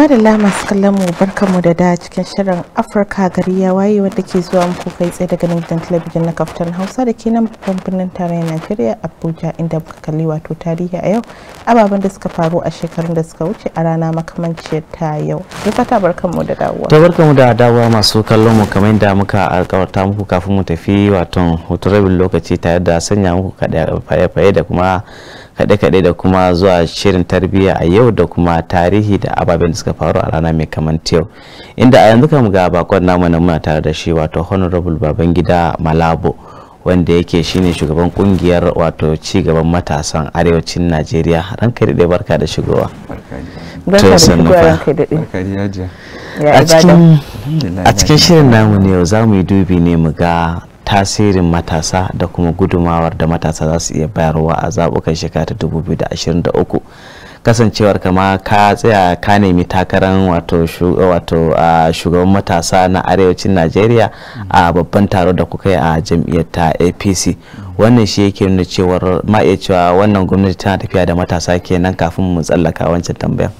madalla masu kallon mu barka mu da da cikin shirin afirka gari ya waye wanda ke zuwa muku kai tsaye daga gidan talabijin na kaftan hausa da ke nan babban birnin tarayyar najeriya abuja inda muka kalli wato tarihi a yau ababen da suka faru a shekarun da suka wuce a rana makamanciyar ta yau ta fata mu da dawowa ta mu da dawowa masu kallon mu kamar yadda muka alkawarta muku kafin mu tafi wato hutu rabin lokaci tare da sanya muku kaɗa faye-faye da kuma kaɗe-kaɗe da kuma zuwa shirin tarbiyya a yau da kuma tarihi da ababen da suka faru a rana mai kaman yau inda a yanzu kam ga bakon namu na muna tare da shi wato honorable babangida malabo wanda yake shine shugaban kungiyar wato ci gaban matasan arewacin najeriya ranka da barka da shigowa a cikin shirin namu ne yau za mu yi dubi ne mu ga tasirin matasa da kuma gudumawar da matasa za su iya bayarwa a zaɓukan shekara ta 2023 kasancewar kama ka tsaya ka nemi takarar wato shugaban matasa na arewacin najeriya a babban taro da kuka yi a jam'iyyar ta apc wannan shi yake nuna cewar ma cewa wannan gwamnati tana tafiya da matasa kenan kafin mu tsallaka wancan tambayar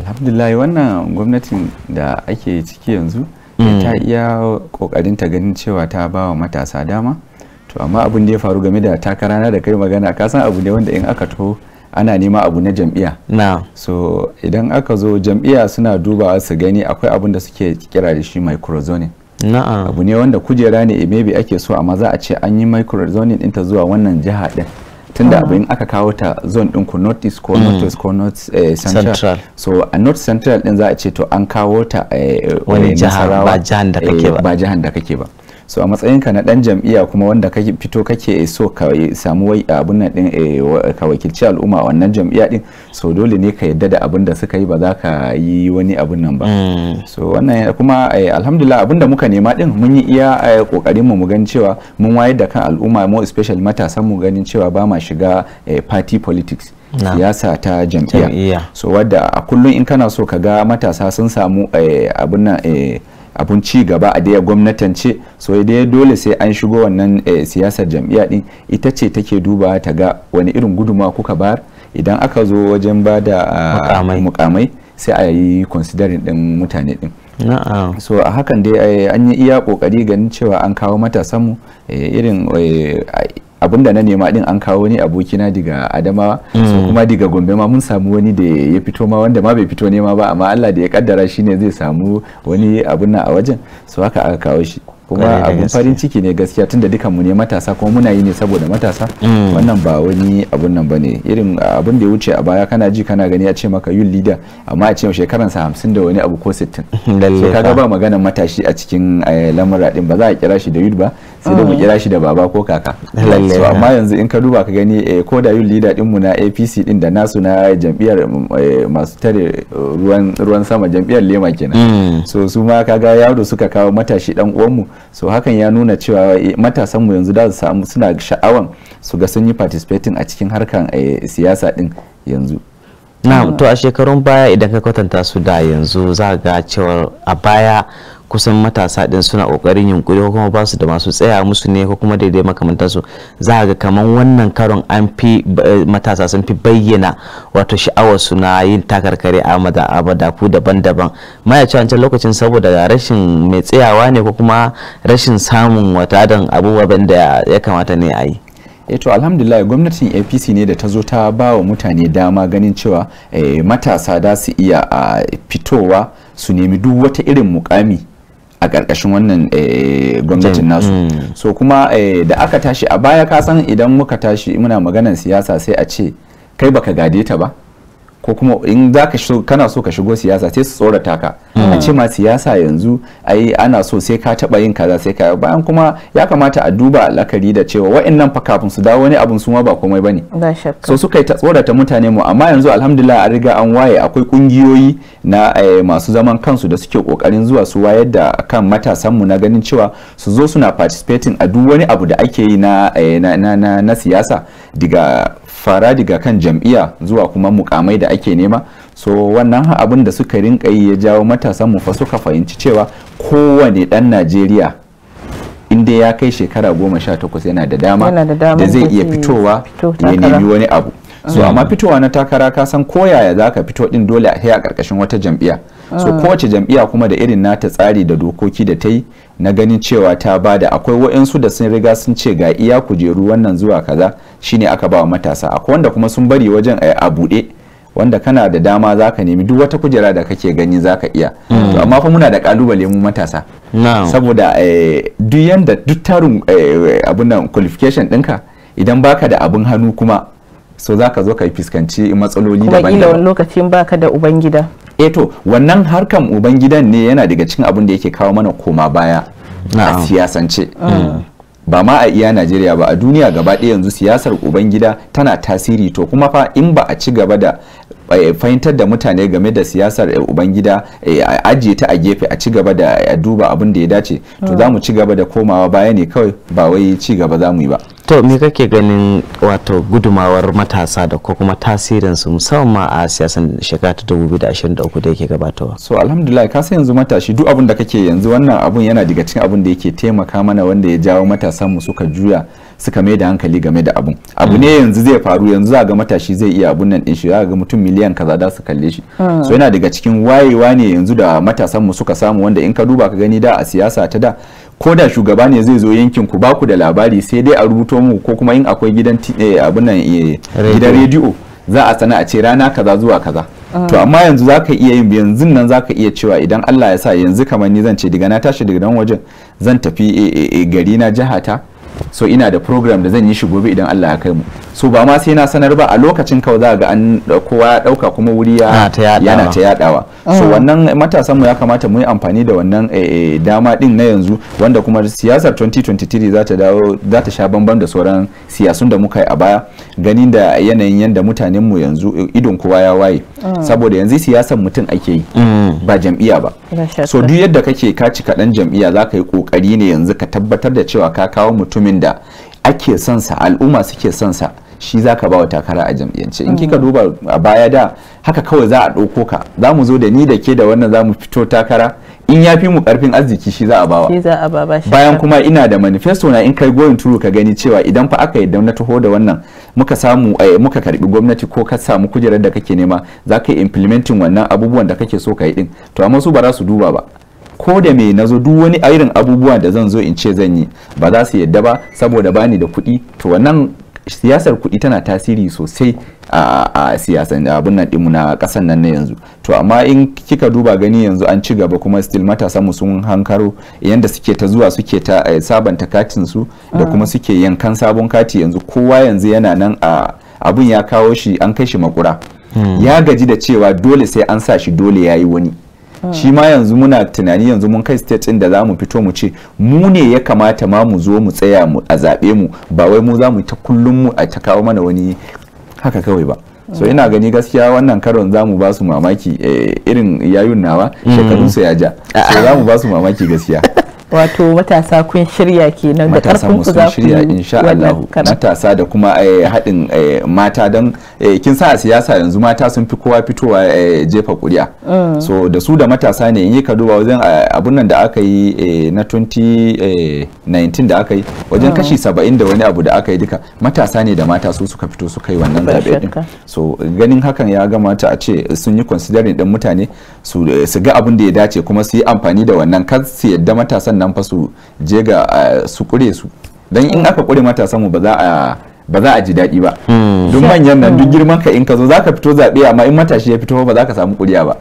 alhamdulillah wannan gwamnatin da ake ciki yanzu Eh, mm. ta iya kokarin ta ganin cewa ta ba wa matasa dama to amma abin da ya faru game da takara na da kai magana ka san abu ne wanda in aka to ana nema abu na jam'iyya so idan aka zo jam'iyya suna dubawa su gani akwai abin da suke kira da shi microzoning abu ne wanda kujera ne eh, maybe ake so amma za a ce an yi microzoning ta zuwa wannan jiha ɗin tunda abu in aka kawo ta zone din ku north east ko mm. north west ko north eh, central so a north central din za a ce to an kawo ta eh, wani eh, jihar ba jihar da kake ba ba jihar da kake ba so a matsayinka na dan jam'iyya kuma wanda ka fito kake so ka samu wai abun nan din eh, ka wakilci al'umma a wannan jam'iyya din so dole ne ka yadda da abun da suka yi ba za ka yi wani abun nan ba mm. so wannan kuma eh, alhamdulillah abun da muka nema din mun yi iya kokarin eh, mu gan cewa mun wayar da kan al'umma mo especially matasan mu ganin cewa ba ma shiga party politics siyasa ta jam'iyya so wadda a kullum in kana so ka ga matasa sun samu abun nan abun ci gaba a daya gwamnatance so dai dole sai an shigo wannan eh, siyasar jam'iyya din ita ce take duba ta ga wani irin guduma kuka bayar idan aka zo wajen ba da ah, mukamai sai a yi considering din mutane din So a hakan dai eh, an yi iya kokari ganin cewa an kawo matasanmu eh, irin da na nema din an kawo wani abokina daga adama mm. so kuma daga gombe ma mun samu wani da ya fito ma wanda ma bai fito nema ba amma Allah da ya kaddara shi ne zai samu wani abun nan a wajen so haka aka kawo shi kuma abun farin ciki ne gaskiya tunda dukan mu ne matasa kuma muna yi ne saboda matasa mm. wannan ba wani abun nan bane irin abun da ya wuce a baya kana ji kana gani a ce maka yun leader amma a ce shekaran sa 50 da wani abu ko 60 ka ga ba maganar matashi a cikin eh, lamura din ba za a kira shi da yud ba sai da ah. kira shi da baba ko kaka so amma yanzu in ka duba ka gani eh, ko da yun leader din mu na APC din da nasu na jam'iyyar eh, masu tare eh, ruwan ruwan sama jam'iyyar lema kenan hmm. so su ma kaga yaro suka kawo matashi dan uwan mu so hakan ya nuna cewa matasan mu yanzu da su samu suna sha'awan su ga sun yi participating a cikin harkan siyasa din yanzu na'am to a shekarun baya idan ka kwatanta su da yanzu za ga cewar a baya kusan matasa din suna kokarin yunkuri ko kuma ba da masu tsaya musu ne ko kuma daidai makamantar su za ga kaman wannan karon an fi eh, matasa sun fi bayyana wato sha'awar su na yin takarkare a madafu daban-daban mayaci wancan lokacin saboda rashin mai tsayawa ne ko kuma rashin samun wata adan abubuwan da ya kamata ne a yi e alhamdulillah gwamnatin apc ne da ta zo ta ba wa mutane dama ganin cewa eh, matasa da su iya ah, fitowa su nemi duk wata irin mukami a ƙarƙashin wannan eh, gwamnatin nasu mm. so kuma eh, da aka tashi a baya ka san idan muka tashi muna maganan siyasa sai a ce kai baka gade ta ba ko kuma in za ka kana so ka shigo siyasa sai su tsorata ka hmm. a ce ma siyasa yanzu ai ana so sai ka taba yin kaza sai ka bayan kuma ya kamata a duba al'akari da cewa wa'annan fa kafin su dawo wani abun su ma ba komai bane so suka yi ta tsorata mutane mu amma yanzu alhamdulillah an riga an waye akwai kungiyoyi na eh, masu zaman kansu da suke kokarin zuwa su wayar da kan matasan mu na ganin cewa su zo suna participating a duk wani abu da ake yi na eh, na na siyasa diga fara daga kan jam'iyya zuwa kuma mukamai da ake nema so wannan abin da suka rinka yi ya jawo matasan mu fa suka fahimci cewa kowane dan najeriya inda ya kai shekara goma sha takwas yana da dama da zai iya fitowa ya nemi wani abu so ah. amma fitowa na takara ka san koyaya za ka fito din dole a a karkashin wata jam'iyya so ah. kowace jam'iya kuma da irin nata tsari da dokoki da ta yi na ganin cewa ta bada akwai wa'insu da sun riga sun ce ga iya kujeru wannan zuwa kaza shine aka ba matasa akwai wanda kuma sun bari wajen a buɗe wanda kana da dama za ka nemi duk wata kujera da kake gani za ka iya hmm. to amma fa muna da kalubale mu matasa saboda eh, duk yanda duk tarin eh, abunan nan qualification ɗinka idan baka da abin hannu kuma so za ka zo ka fuskanci matsaloli daban-daban kuma wani lokacin baka da ubangida eh to wannan harkan ubangidan ne yana daga cikin abin da yake kawo mana koma baya a siyasance mm. ba ma a iya najeriya ba a duniya gaba ɗaya yanzu siyasar ubangida tana tasiri to kuma fa in ba a ci gaba da Eh, fahimtar da mutane game da siyasar eh, ubangida eh, a ajiye ta a gefe a ci gaba da duba abin da ya dace to mm. za mu ci gaba da komawa baya ne kawai ba wai ci gaba za mu yi ba to me kake ganin wato gudumawar matasa da ko kuma tasirin su musamman a siyasan shekara ta 2023 da yake gabatowa so alhamdulillah ka san yanzu matashi duk abin da kake yanzu wannan abun yana daga cikin abin da yake taimaka mana wanda ya jawo matasan mu suka juya suka mai da hankali game da abun abu mm. ne yanzu zai faru yanzu za ga matashi zai iya abun nan din shi za ga mutum miliyan kaza da su kalle shi ah. so yana daga cikin wayewa ne yanzu da matasan mu suka samu wanda in ka duba ka gani da a siyasa ta da ko da shugaba ne zai zo yankin ku baku da labari sai dai a rubuto mu ko kuma in akwai gidan eh, eh, gidan rediyo za a sana a ce rana kaza zuwa kaza ah. to amma yanzu za ka iya yin yanzu nan zaka iya cewa idan Allah ya sa yanzu kamar ni zan ce daga na tashi daga nan wajen zan tafi eh, gari na jihata so ina da program da zan yi shi gobe idan Allah ya kai mu so ba ma sai na sanar ba a lokacin kawai za ga an kowa ya dauka kuma wuri ya yana ta yadawa so ah. wannan matasan mu ya kamata mu yi amfani da wannan eh, eh, dama din na yanzu wanda kuma siyasar 2023 za ta dawo za ta sha bamban da sauran siyasun da muka yi a baya ganin da yanayin yanda mutanen mu yanzu eh, idon kowa ya waye ah. saboda yanzu siyasar mutum ake yi mm. ba jam'iya ba so duk yadda kake ka ci kaɗan jam'iyya za ka yi ƙoƙari ne yanzu ka tabbatar da cewa ka kawo mutum mutumin da ake son al'umma suke son shi za ka bawa takara a jam'iyyance in kika duba a baya da haka kawai za a ɗauko ka za mu zo da ni da ke da wannan za mu fito takara in ya fi mu karfin arziki shi za a bawa bayan kuma ina da manifesto na in kai goyon turu ka gani cewa idan fa aka yadda na taho da wannan muka samu eh, muka karbi gwamnati ko ka samu kujerar da kake nema za ka yi implementing wannan abubuwan da kake so ka yi din to amma su ba za su duba ba ko da me zo duk wani irin abubuwa da zan zo in ce zan yi ba za su yadda ba saboda bani da kuɗi to wannan siyasar kuɗi tana tasiri sosai a siyasan abin nan dinmu na kasan nan na yanzu to amma in kika duba gani yanzu an ci gaba kuma still matasanmu sun hankaro yanda suke ta zuwa suke ta eh, sabanta katin su da ah. kuma suke yankan sabon kati yanzu kowa yanzu yana nan a abun ya kawo shi an kai shi makura hmm. ya gaji da cewa dole sai an sa shi dole ya yi wani shi ma yanzu muna tunani yanzu mun kai state din da za mu fito mu ce mu ne ya kamata ma mu zo mu tsaya mu a zaɓe mu ba wai mu za mu ta kullum mu a ta kawo mana wani haka kawai ba so mm. ina gani gaskiya wannan karon za mu ba su mamaki eh, irin yayun nawa mm. shekarunsu ya ja ah. so za mu ba su mamaki gaskiya wato matasa kun shirya kenan da karfin ku za ku insha Allah matasa da kuma eh, haɗin eh, mata don eh, kin sa a siyasa yanzu mata sun fi kowa fitowa jefa kuri'a mm. so da su da matasa ne in yi kaduba wajen abun nan da aka yi na 2019 da aka yi wajen mm. kashi 70 da wani abu da aka yi duka matasa ne da mata su suka fito suka yi wannan zabe din so ganin hakan ya gamata a ce sun yi considering din mutane su ga abin da ya dace kuma su yi amfani da wannan kar su yadda matasan nan fa su je ga su kure su dan in mm. aka kure matasan mu ba za a ba za a ji daɗi ba mm. duk manyan nan duk mm. girman ka in ka zo zaka fito zaɓe amma in matashi ya fito ba za ka samu kuriya ba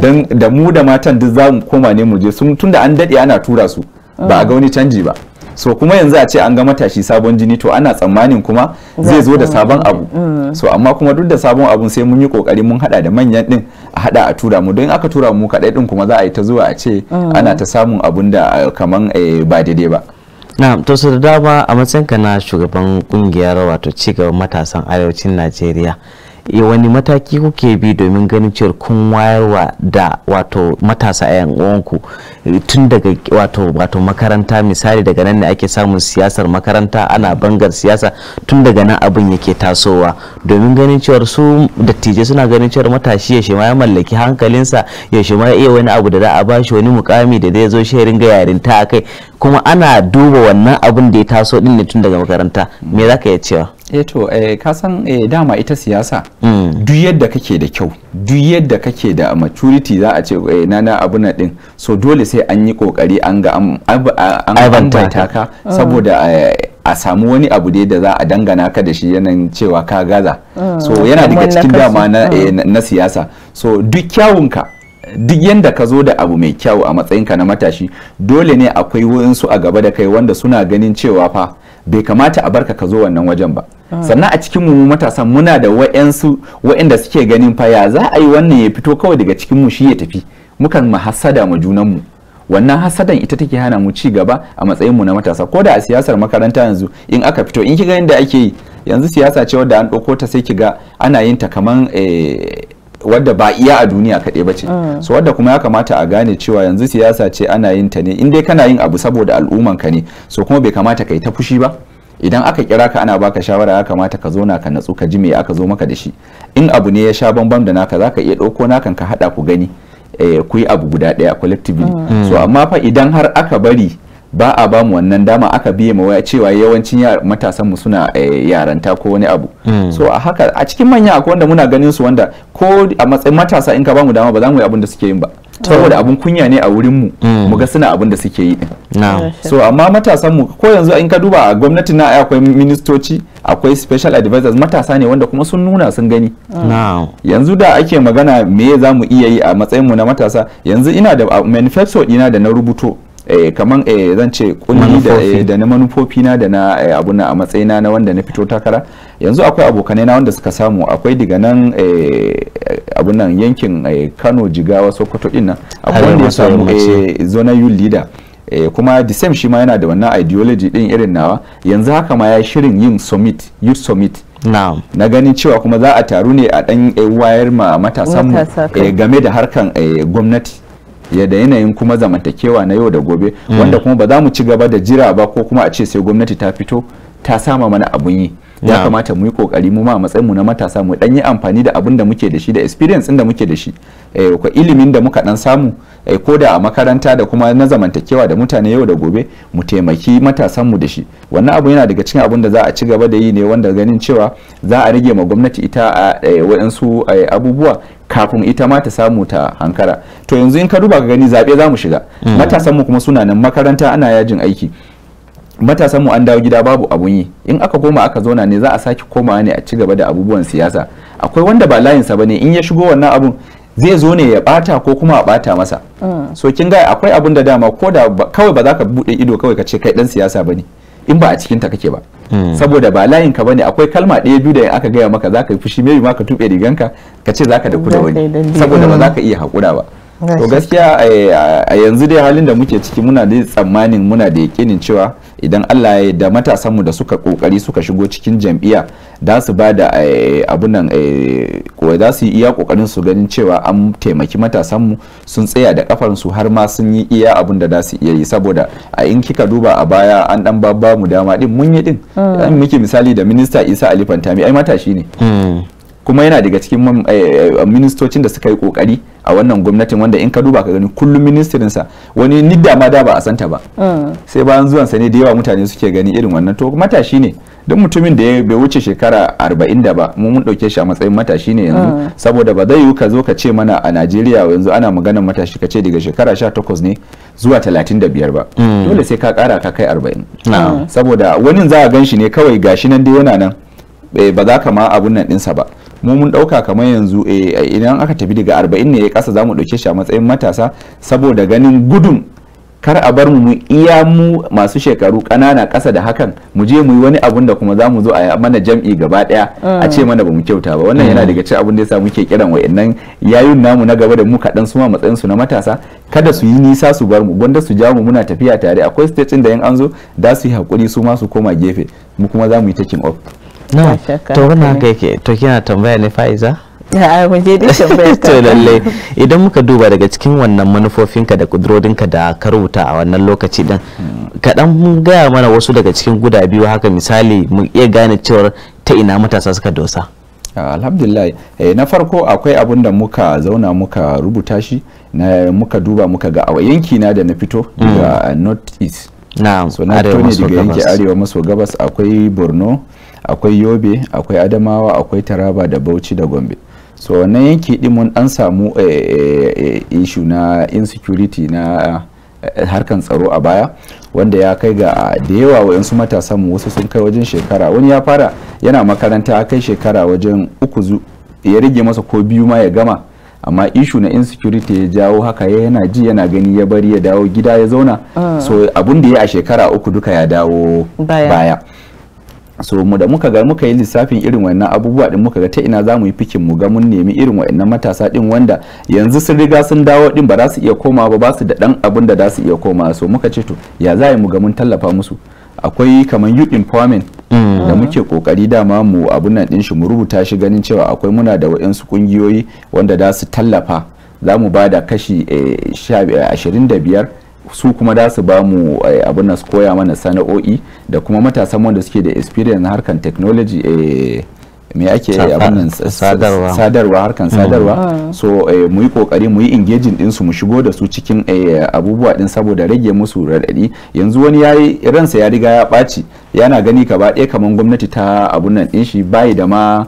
dan da mu da matan duk za mu koma ne mu je sun tunda an daɗe ana tura su ba a ga wani canji ba so kuma yanzu a ce an ga matashi sabon jini to ana tsammanin kuma zai zo da sabon abu mm. so amma kuma duk da sabon abun sai mun yi kokari mun hada da manyan din a hada a tura mu don aka tura mu kadai din kuma za a yi ta zuwa a ce mm. ana ta samun abun da eh, kaman eh, ba daidai ba na to su da dama a matsayinka na shugaban kungiyar wato cigaban matasan arewacin najeriya Eh, wani mataki kuke bi domin ganin cewar kun wayarwa da wato matasa yan uwanku eh, tun daga wato wato makaranta misali daga nan ne ake samun siyasar makaranta ana bangar siyasa tun daga nan abin yake tasowa domin ganin cewar su dattijai suna ganin cewar matashi ya shima ya mallaki hankalinsa ya shima ya iya wani abu da za a bashi wani mukami da zai zo shi ringa yarinta kai kuma ana duba wannan abin da ya taso din ne tun daga makaranta me zaka iya cewa eh to eh ka san eh, dama ita siyasa mm. duk yadda kake da kyau duk yadda kake da maturity za a ce eh, na abu na din so dole sai an yi kokari an ga an abanta ka mm. saboda eh, a samu wani abu da za a dangana ka da shi yanayin cewa ka gaza mm. so yana daga cikin dama eh, na, siyasa so duk kyawunka duk yanda ka zo da abu mai kyau a matsayinka na matashi dole ne akwai wayansu a gaba da kai wanda suna ganin cewa fa bai kamata a barka ka zo wannan wajen ba ah. sannan a cikin mu matasa muna da wa'yansu wa'yanda suke ganin fa ya za a yi wannan ya fito kawai daga cikin mu shi ya tafi mukan mu hasada mu junan mu wannan hasadan ita take hana mu ci gaba a matsayin mu na matasa ko da a siyasar makaranta yanzu in aka fito in kiga yadda ake yi yanzu siyasa ce wadda an ɗauko ta sai kiga ana yin ta kaman eh, wadda ba iya a duniya kaɗai ba ce mm. so wadda kuma ya kamata a gane cewa yanzu siyasa ce ana yin ta ne in dai kana yin abu saboda al'umman ka ne so kuma bai kamata ka yi ta fushi ba idan aka kira ka ana baka shawara ya kamata ka na ka natsu ka ji me aka zo maka da shi in abu ne ya sha bambam da naka zaka iya ɗauko nakan ka haɗa ku gani eh, ku yi abu guda ɗaya collectively mm. so amma fa idan har aka bari ba a bamu wannan dama aka biye waya cewa yawancin matasanmu suna eh, yaranta ko wani abu mm. so a haka a cikin manya akwai wanda muna ganin su wanda ko a matsayin matasa in ka bamu dama ba za mu yi abin da suke yin ba mm. saboda abun kunya ne a wurin mu mm. mu ga suna abin da suke yi din so amma matasan mu ko yanzu in ka duba a gwamnati na akwai ministoci akwai special advisors matasa ne wanda kuma sun nuna sun gani yanzu da ake magana me za mu iya yi a matsayin mu na matasa yanzu ina da manifesto dina da na rubuto eh, kaman eh, zan ce kulli da, eh, da na manufofi na da na eh, na a matsayina na wanda na fito takara yanzu akwai abokanai na wanda suka samu akwai diga nan eh, nan yankin eh, Kano Jigawa Sokoto din nan akwai wanda ya samu eh, zona yu leader eh, kuma the same shi ma yana da wannan ideology din irin nawa yanzu haka ma ya shirin yin summit youth summit na ganin cewa kuma za a taru ne a dan eh, wayar ma matasan eh, game da harkan gwamnati da yanayin kuma zamantakewa na yau da gobe wanda mm. kuma ba za mu ci gaba da jira ba ko kuma a ce sai gwamnati ta fito ta sama mana abun yi ya kamata mu yi kokari mu ma matsayin mu na matasa mu dan yi amfani da abin da muke da shi da experience da muke da shi eh, ko ilimin da muka dan samu eh, ko da a makaranta da kuma na zamantakewa da mutane yau da gobe mu taimaki matasan mu da shi wannan abu yana daga cikin abin da za a ci gaba da yi ne wanda ganin cewa za a rage ma gwamnati ita a eh, waɗansu eh, abubuwa kafin ita ma ta samu ta hankara to yanzu in ka duba ka gani zaɓe za mu shiga mm. matasan mu kuma suna nan makaranta ana yajin aiki matasan mu an dawo gida babu abun yi in aka koma aka zauna ne za a sake koma ne a ci gaba da abubuwan siyasa akwai wanda ba layinsa ba ne in ya shigo wannan abun zai zo ne ya bata ko kuma a bata masa mm. so kin ga akwai abun da dama ko da kawai ba za ka bude ido kawai ka ce kai dan siyasa bane in ba a cikin ta kake ba mm. saboda ba layin ka bane akwai kalma ɗaya biyu da in aka gaya maka zaka yi fushi mai ma ka tuɓe riganka ka ka ce zaka da kuda wani saboda ba mm. za ka iya hakura ba to gaskiya eh, a yanzu dai halin da muke ciki muna da tsammanin muna da yakinin cewa idan allah ya da matasanmu da suka kokari suka shigo cikin jam'iyya da su ba da eh, abunan eh, za su iya kokarin su ganin cewa an taimaki matasanmu sun tsaya da kafarsu har ma sun yi iya abun da za su iya yi saboda a in kika duba a baya an dan babba mu dama din mun yi din muke hmm. misali da minista isa ali fantami ai matashi ne hmm. kuma yana daga cikin eh, eh, ministocin da suka yi kokari a wannan gwamnatin wanda in ka duba ka gani kullum ministirin sa wani nidda ma da ba a santa ba mm. sai bayan zuwan sa ne da yawa mutane suke gani irin wannan to matashi ne duk mutumin da ya bai wuce shekara 40 da ba mu mun dauke shi a matsayin matashi ne yanzu mm. saboda ba zai yiwu ka zo ka ce mana a Najeriya yanzu ana maganar matashi ka ce daga shekara 18 ne zuwa 35 ba mm. dole sai ka kara ka kai 40 saboda wani za a gan shi ne kawai gashi nan dai yana nan eh, ba za ka ma abun nan dinsa ba mu mun dauka kamar yanzu eh, idan aka tafi daga arba'in ne ya kasa zamu dauke shi a matsayin matasa saboda ganin gudun kar a bar mu iya mu masu shekaru ƙanana ƙasa da hakan mu je mu yi wani abun da kuma za mu zo a mana jam'i gaba ɗaya a ce mana ba mu kyauta ba wannan yana daga cikin abin da yasa muke kiran wayannan yayin namu na gaba da mu kaɗan su ma matsayin su na matasa kada su yi nisa su bar mu gwanda su ja mu muna tafiya tare akwai state da yan an zo da su yi hakuri su ma su koma gefe mu kuma za mu yi taking off na to wannan ga eh. yake to kina tambaya ne fa'iza a ah, mun je dai tambayar to lalle idan muka duba daga cikin wannan manufofinka da kudurodinka da ka rubuta a wannan lokaci din kaɗan gaya mana wasu daga cikin guda biyu haka misali mu iya gane cewar ta ina matasa suka dosa ah, alhamdulillah eh, na farko akwai abun da muka zauna muka rubuta shi na muka duba muka ga a yankina da na fito daga mm. north east so na arewa ne daga yanke arewa maso gabas akwai borno akwai yobe akwai adamawa akwai taraba da bauchi da gombe so wannan yanki din mun an samu eh, eh, eh, ishu na insecurity na harkan tsaro a baya wanda ya kai ga ah, da yawa wayansu matasan mu wasu sun kai wajen shekara wani ya fara yana makaranta kai shekara wajen uku ya rige masa ko biyu ma ya gama amma ishu na insecurity ya jawo haka ya yana ji yana gani ya bari ya dawo gida ya zauna ah. so abun da ya a shekara uku duka ya dawo baya, so mu da muka ga muka yi lissafin irin wannan abubuwa din muka ga ta ina za mu yi fikin mu ga mun nemi irin wa'annan matasa din wanda yanzu sun riga sun dawo din ba za su iya koma ba ba su da dan abun da za su iya koma so muka ce to ya za mu ga mun tallafa musu akwai kamar youth empowerment mm. da muke kokari dama mu abun nan din shi mu rubuta shi ganin cewa akwai muna da waɗansu kungiyoyi wanda za su tallafa za mu ba da kashi 25 eh, eh, su kuma da su ba mu eh, abin nan su koya mana sana'o'i da kuma matasan wanda suke da experience harkan technology me ake abin nan sadarwa sadarwa harkan sadarwa mm. so eh, mu yi kokari mu yi engaging din su mu shigo da su cikin eh, abubuwa din saboda rage musu radadi yanzu wani yayi ransa ya riga ya ɓaci yana gani gaba ɗaya kaman gwamnati ta abun nan din shi bayi da ma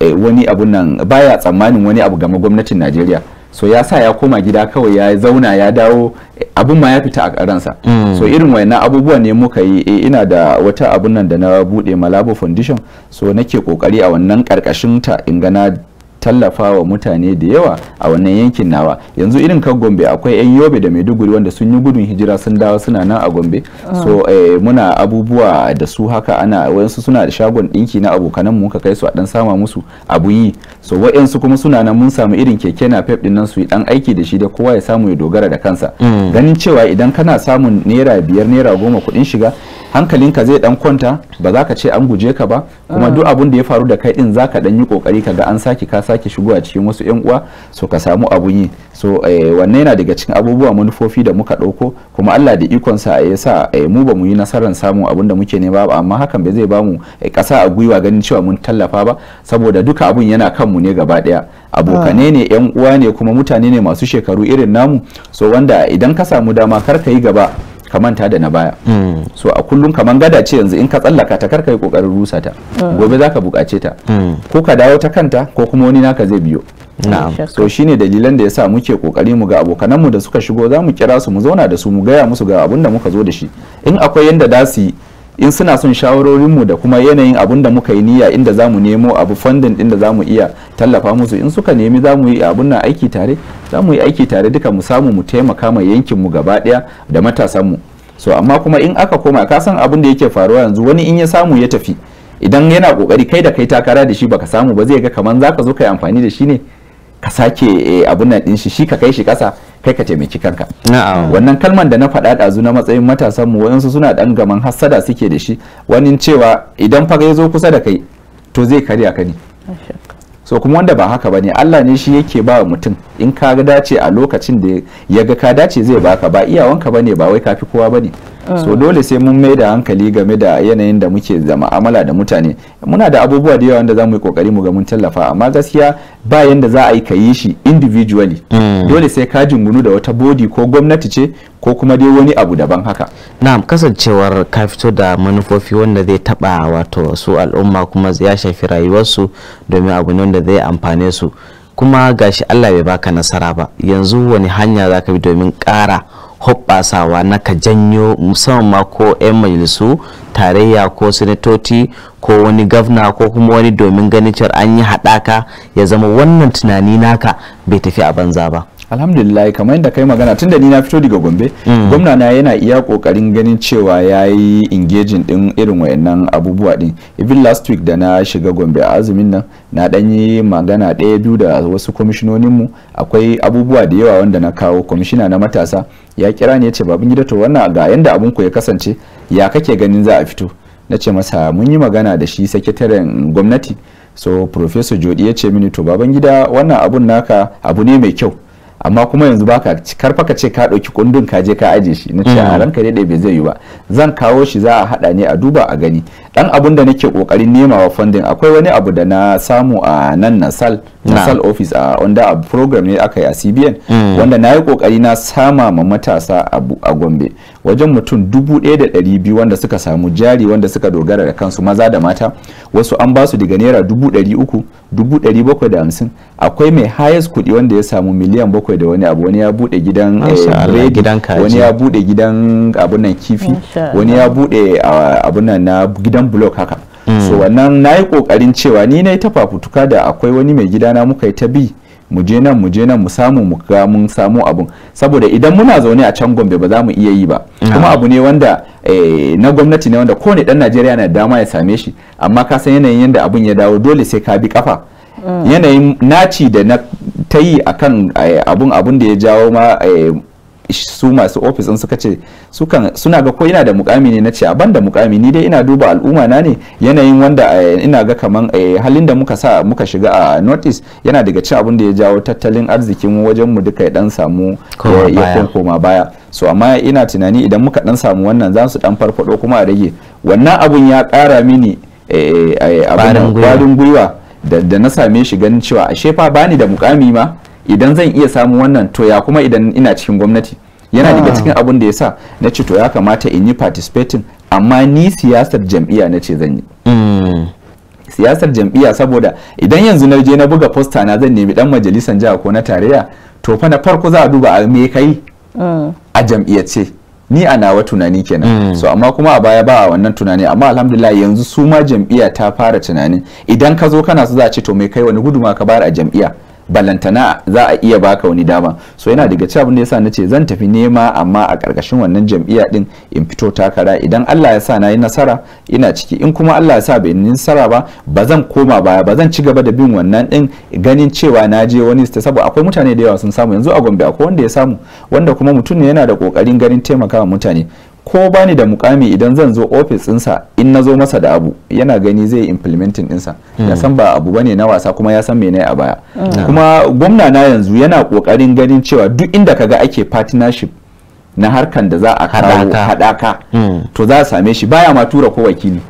eh, wani abun nan baya tsammanin wani abu game gwamnatin Najeriya so ya sa ya koma gida kawai ya zauna ya dawo abin ma ya fita a ransa mm. so irin wayannan abubuwan ne muka yi e, ina da wata abun nan da na bude malabo foundation so nake kokari a wannan karkashin ta ingana tallafa wa mutane da yawa a wannan yankin nawa yanzu irin kan gombe akwai yan yobe da maiduguri wanda sun yi gudun hijira sun dawo suna nan a gombe so ah. eh, muna abubuwa da su haka ana wayansu suna da shagon dinki na abokanan mu ka kai su a dan sama musu abu yi so wayansu kuma suna nan mun samu irin keke na pep din nan su yi dan aiki da shi da kowa ya samu ya dogara da kansa mm. ganin cewa idan kana samun naira biyar naira goma kuɗin shiga hankalinka zai dan kwanta ba za ka ce an guje ka ba kuma ah. duk abun da ya faru da kai din za ka dan yi kokari ka ga an saki ka saki sake shigo a cikin wasu yan uwa so ka samu abun yi so eh, wannan yana daga cikin abubuwa manufofi da muka ɗauko kuma Allah da ikonsa ya sa eh, mu ba mu yi nasarar samun abun da muke nema ba amma hakan bai zai bamu eh, ƙasa a gwiwa ganin cewa mun tallafa ba saboda duka abun yana kanmu ne gaba ɗaya abokane ne yan uwa ne kuma mutane ne masu shekaru irin namu so wanda idan ka samu dama kar ka yi gaba ka manta da na baya hmm. so a kullum kaman gada ce yanzu in ka tsallaka ta karka yi kokarin rusa ta hmm. gobe zaka bukace ta hmm. ko ka dawo ta kanta ko kuma wani naka zai biyo so shine dalilan da ya sa muke kokari mu ga abokanan da suka shigo za mu kira su mu zauna da su mu gaya musu ga abin muka zo da shi in akwai yanda da su yi in suna son shawarorinmu da kuma yanayin abun da muka yi niyya inda za mu nemo abu fandin din da za mu iya tallafa musu in suka nemi za mu yi abun nan aiki tare za mu yi aiki tare duka mu samu mu taimaka ma mu gaba ɗaya da matasanmu so amma kuma in aka koma ka san abin da yake faruwa yanzu wani in ya samu ya tafi idan yana kokari kai da kai takara da shi baka samu ba zai ga kaman zaka zo kai amfani da shi ne ka sake eh, abun nan din shi shi ka kai shi kasa kai ka taimaki kanka wannan kalman da na faɗa zu na matsayin matasan mu wayansu suna dan gaman hassada suke da shi wani cewa idan fa ya zo kusa da kai to zai karya ka ne so kuma wanda ba haka bane Allah ne shi yake ba mutum in ka dace a lokacin da ya ga ka dace zai baka ba iyawanka bane ba wai kafi kowa bane so dole sai mun mai da hankali game da yanayin da muke da ma'amala da mutane muna da abubuwa da yawa wanda za mu yi kokari mu ga mun tallafa amma gaskiya ba yanda za a yi ka yi shi individually mm. dole sai ka jingunu da wata bodi ko gwamnati ce ko kuma dai wani abu daban haka na'am kasancewar ka fito da manufofi wanda zai taba wato su al'umma kuma ya shafi rayuwarsu domin abu ne wanda zai amfane su kuma gashi Allah bai baka nasara ba yanzu wani hanya zaka bi domin ƙara hoɓɓasawa na ka janyo musamman ma ko 'yan majalisu tarayya ko sinatoci ko wani gavna ko kuma wani domin ganin cewa an yi haɗaka ya zama wannan tunani naka bai tafi a banza ba alhamdulillah kamar yadda kai magana tun da ni na fito daga gombe mm. gwamna na yana iya kokarin ganin cewa ya yi engaging din irin wayannan abubuwa din even last week da na shiga gombe a azumin nan na dan yi magana ɗaya biyu da wasu mu akwai abubuwa da yawa wanda na kawo kwamishina na matasa ya kira ni ya ce babin gida to wannan ga yanda abun ku ya kasance ya kake ganin za a fito na ce masa mun yi magana da shi sakataren gwamnati so professor jodi ya ce mini to baban gida wannan abun naka abu ne mai kyau amma kuma yanzu baka karfa ka ce ka ɗauki kundin ka je ka aje shi na ce a mm. ranka daidai bai zai yi ba zan kawo shi za a haɗa ne a duba a gani ɗan abun da nake kokarin nema wa fundin akwai wani abu da na samu a nan nasal nasal office a wanda a program ne aka yi a cbn mm. wanda na yi kokari na sama ma matasa a gombe wajen mutum dubu ɗaya da ɗari biyu wanda suka samu jari wanda suka dogara da kansu maza da mata wasu an ba su daga naira dubu ɗari uku dubu ɗari bakwai da hamsin akwai mai highest kuɗi wanda ya samu miliyan bakwai da wani abu wani ya buɗe gidan eh, wani ya buɗe gidan abun nan kifi wani ya buɗe ah, abun nan na gidan block haka mm. so wannan na yi ƙoƙarin cewa ni na yi ta fafutuka da akwai wani mai gidana muka yi ta bi mu je nan mu je nan mu samu mu ga mun samu abun saboda idan muna zaune a can gombe ba za mu iya yi ba kuma abu ne wanda eh, na gwamnati ne wanda kowane dan najeriya na dama ya same shi amma ka san yanayin yadda abun ya dawo dole sai ka bi kafa mm. yanayin naci da na ta yi akan eh, abun abun da ya jawo ma eh, su masu ofis in suka ce suna ga ko yana da mukami ne na ce ban da mukami ni dai ina duba al'umma na ne yanayin wanda eh, ina ga kaman eh, halin da muka sa muka shiga a notice yana daga cin abin da ya jawo tattalin arzikin wajen mu duka ya dan samu eh, ya koma baya so amma ina tunani idan muka dan samu wannan za su dan farfado kuma a rage wannan abun ya kara mini kwarin gwiwa da na same shi ganin cewa ashe fa bani da mukami ma idan zan iya samun wannan to ya kuma idan ina cikin gwamnati yana daga ah. cikin abin da ya sa na ce to ya kamata in yi participating amma ni siyasar jam'iyya na ce zan yi hmm. siyasar jam'iyya saboda idan yanzu na je na buga posta na zan nemi dan majalisar jiha ko na tarayya to fa na farko za a duba a me kai ah. a jam'iyyace ni a nawa tunani kenan hmm. so amma kuma a baya ba a wannan tunani amma alhamdulillah yanzu su ma jam'iyya ta fara tunanin. idan ka zo kana so za a ce to me kai wani guduma ka bayar a jam'iyya balantana za a iya baka wani dama so yana daga cewa abin yasa nace zan tafi nema amma a karkashin wannan jam'iyya din in fito takara idan Allah ya sa na yi nasara ina ciki in kuma Allah ya sa bai yi nasara ba ba zan koma baya ba zan ci gaba da bin wannan din ganin cewa na je wani ta saboda akwai mutane da yawa sun samu yanzu a Gombe akwai wanda ya samu wanda kuma mutum ne yana da kokarin ganin taimakawa mutane ko bani da mukami idan zan zo ofis ɗinsa in na zo masa da abu yana gani zai implementing ɗinsa ya hmm. san ba abu bane na wasa kuma ya san mene a baya hmm. kuma gwamna na yanzu yana kokarin ganin cewa duk inda kaga ake partnership na harkan da za a kawo hadaka hmm. to za a same shi baya ma tura ko wakili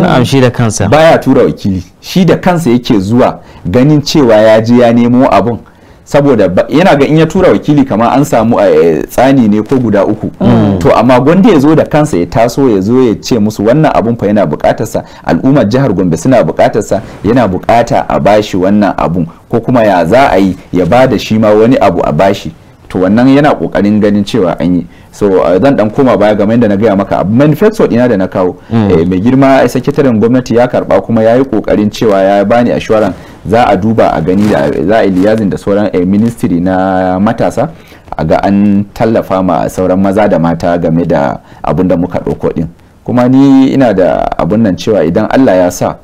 na'am shi da kansa baya tura wakili shi da kansa yake zuwa ganin cewa ya je ya nemo abun saboda yana ga in ya tura wakili kama an samu eh, tsani ne ko guda uku mm. to amma gwanda ya zo da kansa ya taso ya zo ya ce musu wannan abun fa yana bukatarsa al'ummar jihar gombe suna bukatarsa yana bukata a bashi wannan abun ko kuma ya za a yi ya ba da shi ma wani abu a bashi to wannan yana kokarin ganin cewa an yi so eh, zan dan koma baya game da na gaya maka manifesto dina da na kawo mm. eh, mai girma sakataren gwamnati ya karba kuma ya yi kokarin cewa ya bani assurance za a duba a gani da za a liyazin da sauran a eh, ministry na matasa a ga an tallafa ma sauran maza da mata game da abin da muka ɗauko ɗin kuma ni ina da abun nan cewa idan allah ya sa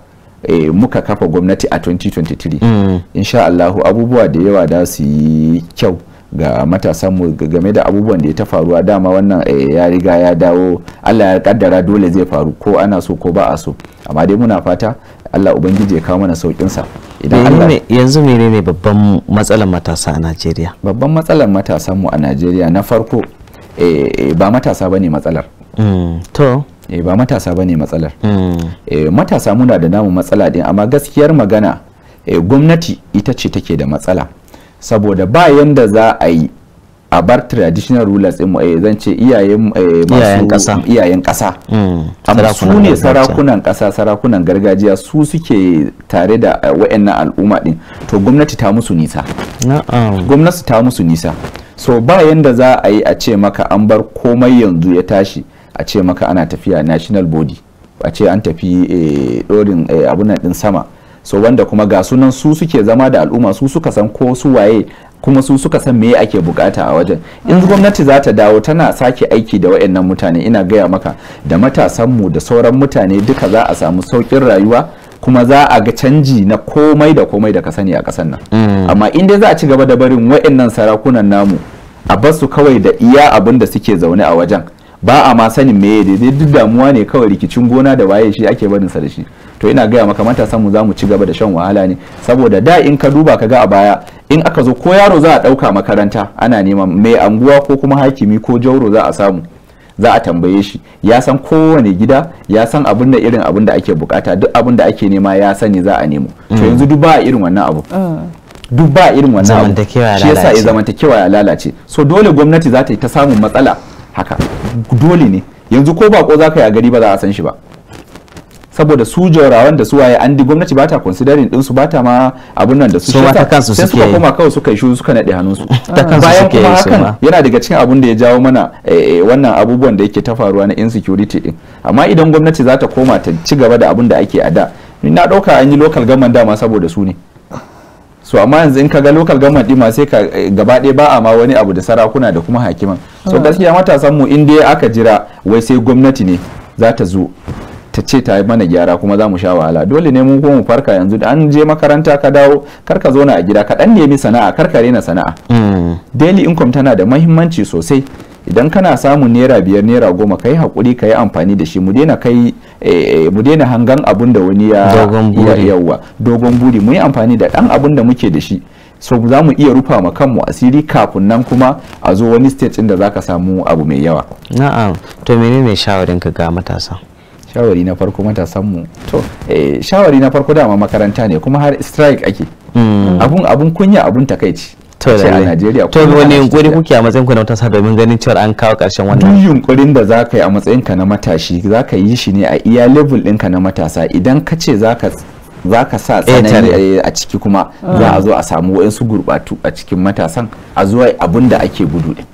eh, muka kafa gwamnati a 2023 mm. insha allahu abubuwa da yawa da su yi kyau ga mu game da abubuwan da ya ta faruwa dama wannan eh, ya riga ya dawo allah ya kaddara dole zai faru ko ana so ko ba a so amma dai muna fata allah ubangiji ya kawo mana saukin sa. yanzu ne babban matsalar matasa a najeriya babban matsalar matasa mu a najeriya na farko eh, ba matasa bane matsalar hmm, to eh, ba matasa bane matsalar hmm. eh, matasa muna da namu matsala din amma gaskiyar magana gwamnati ita ce take da matsala saboda ba yanda za a yi a bar traditional rulers din mu eh zan ce iyayen eh, masu iyayen kasa mm, amma su ne sarakunan kasa sarakunan gargajiya su suke tare da eh, wayannan al'umma din to gwamnati ta musu nisa gwamnati ta musu nisa so ba yanda za a yi a ce maka an bar komai yanzu ya tashi a ce maka ana tafiya national body a ce an tafi dorin eh, abunan din sama so wanda kuma ga sunan su suke zama da al'umma su suka san ko su waye kuma su suka san me ake bukata a wajen in gwamnati za ta dawo tana sake aiki da wayannan mutane ina gaya maka da matasanmu da sauran mutane duka za a samu saukin rayuwa kuma za a ga canji na komai da komai da ka sani a kasan nan mm. amma in dai za a ci gaba da barin wayannan sarakunan namu a bar su kawai da iya abin da suke zaune a wajen ba a ma sanin me daidai duk damuwa ne kawai rikicin gona da waye shi ake barin sa da shi to ina gaya maka matasan mu zamu ci gaba da shan wahala ne saboda da in ka duba ka ga a baya in aka zo ko yaro za a ɗauka makaranta ana neman mai anguwa ko kuma hakimi ko jauro za a samu za a tambaye shi ya san kowane gida ya san abin da irin abin da ake bukata duk abin da ake nema ya sani za a nemo to mm. yanzu duk ba irin wannan abu mm. duk ba irin wannan abu shi yasa ya zamantakewa ya lalace so dole gwamnati za ta yi ta samun matsala haka dole ne yanzu ko bako za ka yi a gari ba za a san shi ba saboda su jaurawan da su waye an di gwamnati ba ta considering din su ba ta ma abun nan da su shi ta sai suka koma kawai suka shi suka nade hannun su bayan kuma hakan yana daga cikin abun da ya jawo mana eh, eh, wannan abubuwan da yake ta faruwa na insecurity din amma idan gwamnati za ta koma ta ci gaba da abun da ake a da na ɗauka an yi local government dama saboda su ne so amma yanzu in kaga local government din ma sai ka eh, gaba ɗaya ba a ma wani abu da sarakuna da kuma hakiman so hmm. gaskiya matasan mu in dai aka jira wai sai gwamnati ne za ta zo ta ce ta yi mana gyara kuma za mu sha wahala dole ne mu mu farka yanzu da an je makaranta ka dawo kar ka zauna a gida ka dan nemi sana'a kar ka rena sana'a mm. daily income tana da mahimmanci sosai idan kana samun naira biyar naira goma ka yi haƙuri ka yi amfani da shi mu daina kai eh, eh, mu daina hangan abun da wani ya yawa dogon buri mu yi amfani da ɗan abun da muke da shi so za mu iya rufa ma kanmu asiri kafin nan kuma a zo wani stage da za ka samu abu mai yawa na'am to menene ka ga matasa shawari na farko matasan mu to eh, shawari na farko dama makaranta ne kuma har strike ake hmm. abun abun kunya abun takaici to a Najeriya to wani yunkuri kuke a matsayin ku na matasa domin ganin cewa an kawo karshen wannan duk yunkurin da zaka yi a matsayin ka na matashi zaka yi shi ne a iya level ka na matasa idan ka ce zaka za ka sa eh, tsanani eh, a ciki kuma za a zo a samu wayansu gurbatu a cikin matasan a zuwa abun da ake gudu din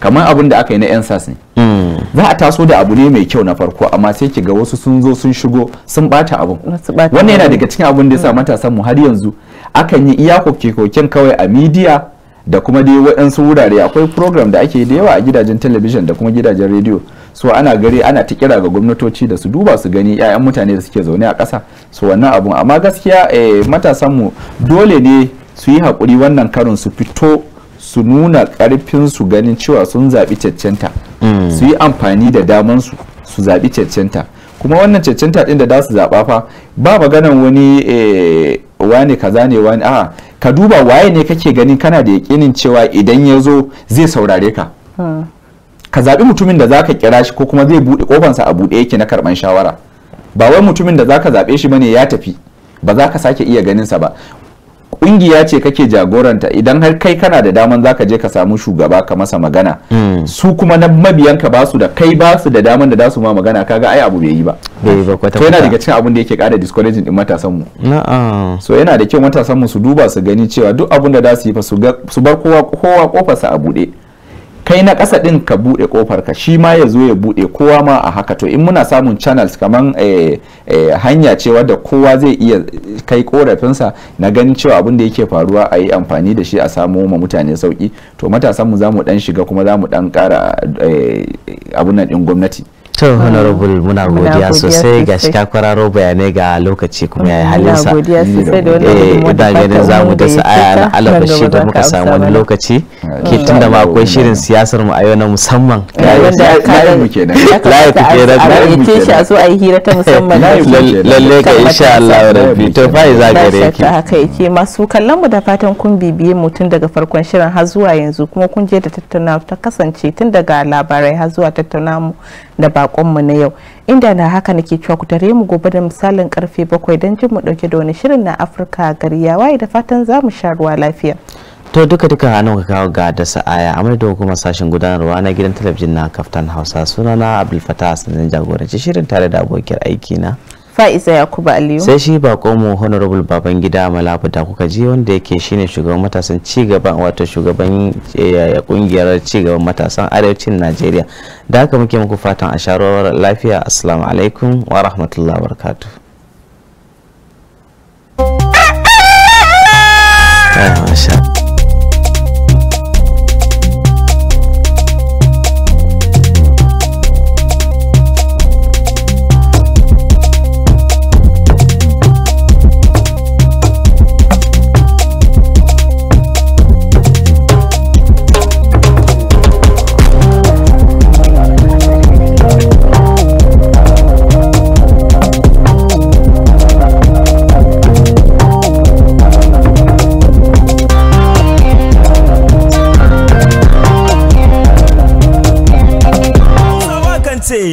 kamar abin da aka yi na 'yan sas ne hmm. za a taso da abu ne mai kyau na farko amma sai ki ga wasu sun zo sun shigo sun bata abin wannan yana daga cikin abin da ya sa hmm. matasan mu har yanzu akan yi iya koke-koken kawai a midiya da kuma dai waɗansu wurare akwai program da ake da yawa a gidajen talabijin da kuma gidajen rediyo so ana gari ana ta kira ga gwamnatoci da su duba su gani 'ya'yan mutane da suke zaune a ƙasa so wannan abun amma gaskiya eh, matasan mu dole ne su yi haƙuri wannan karin su fito su nuna karfin su ganin cewa sun zabi cancanta mm. su yi amfani da daman su su zabi cancanta kuma wannan cancanta ɗin da za su zaɓa fa ba maganan wani eh, wani kaza ne wani a'a ka duba waye ne kake ganin kana da yakinin cewa idan ya zo zai saurare ka ka zaɓi mutumin da zaka kira shi ko kuma zai buɗe kofansa a buɗe yake na karɓan shawara ba wai mutumin da zaka zaɓe shi bane ya tafi ba za ka sake iya ganin sa ba kungiya ce kake jagoranta idan har kai kana da daman zaka je ka samu shugaba ka masa magana hmm. su kuma na mabiyanka ba su da kai ba da daman da su ma magana kaga ai abu bai yi ba to yana daga cikin abin da yake kara discouraging din matasan mu so yana da kyau matasan mu su duba su gani cewa duk abun da za su yi fa su bar kowa kofa sa a bude kai na ƙasa ɗin ka buɗe ƙofar ka shi ma ya zo ya buɗe kowa ma a haka to in muna samun channels kaman eh, eh, hanya ce wadda kowa zai iya kai ƙorafinsa na ganin cewa abin da yake faruwa a yi amfani da shi a samo ma mutane sauƙi to matasanmu za mu ɗan shiga kuma za mu ɗan ƙara eh, abin nan ɗin gwamnati to ah, honorable muna godiya sosai ga shi ka kwararo bayanai ga lokaci kuma ya yi halinsa eh, ina ganin za mu da sa'aya na alabashi da muka samu wani lokaci ah, ke tun da akwai shirin siyasar mu a yau na musamman layin mu da layin ku kenan layin mu kenan a so a hira ta musamman lalle ka insha Allah rabbi to fa za gare ki haka yake masu kallon mu da fatan kun bibiye mu tun daga farkon shirin har zuwa yanzu kuma kun je da tattauna ta kasance tun daga labarai har zuwa tattauna mu da bakonmu na yau inda na haka nake cewa ku tare mu gobe da misalin karfe bakwai don jin mu dauke da wani shirin na afirka gari ya waye da fatan za mu sha ruwa lafiya to duka duka a nan kawo ga da sa'aya amur da hukumar sashen gudanarwa na gidan talabijin na kaftan hausa sunana abdulfatah sanin jagoranci shirin tare da abokin aiki na fa'iza yakuba aliyu sai shi bakon mu honorable baban gida malabuta kuka ji wanda yake shine shugaban matasan cigaban wato shugaban eh, kungiyar cigaban matasan arewacin najeriya da haka muke muku fatan a sharawar lafiya assalamu alaikum wa rahmatullahi wa barakatuh ah, Masha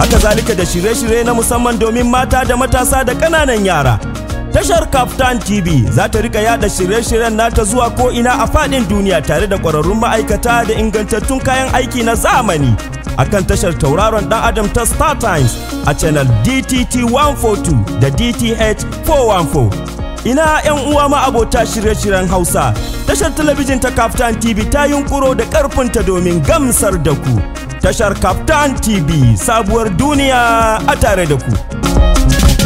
haka zalika da shirye-shirye na musamman domin mata da matasa da ƙananan yara tashar Kaftan TV za ta rika yada shirye-shiryen nata zuwa ko'ina a faɗin duniya tare da ƙwararrun ma'aikata da ingantattun kayan aiki na zamani. Akan tashar tauraron ɗan Adam ta Star Times a channel DTT 142 da DTH 414. ina 'yan uwa ma abota shirye-shiryen hausa tashar talabijin ta kaftan tv ta yunkuro da karfinta domin gamsar da ku tashar kaftan tv sabuwar duniya a tare da ku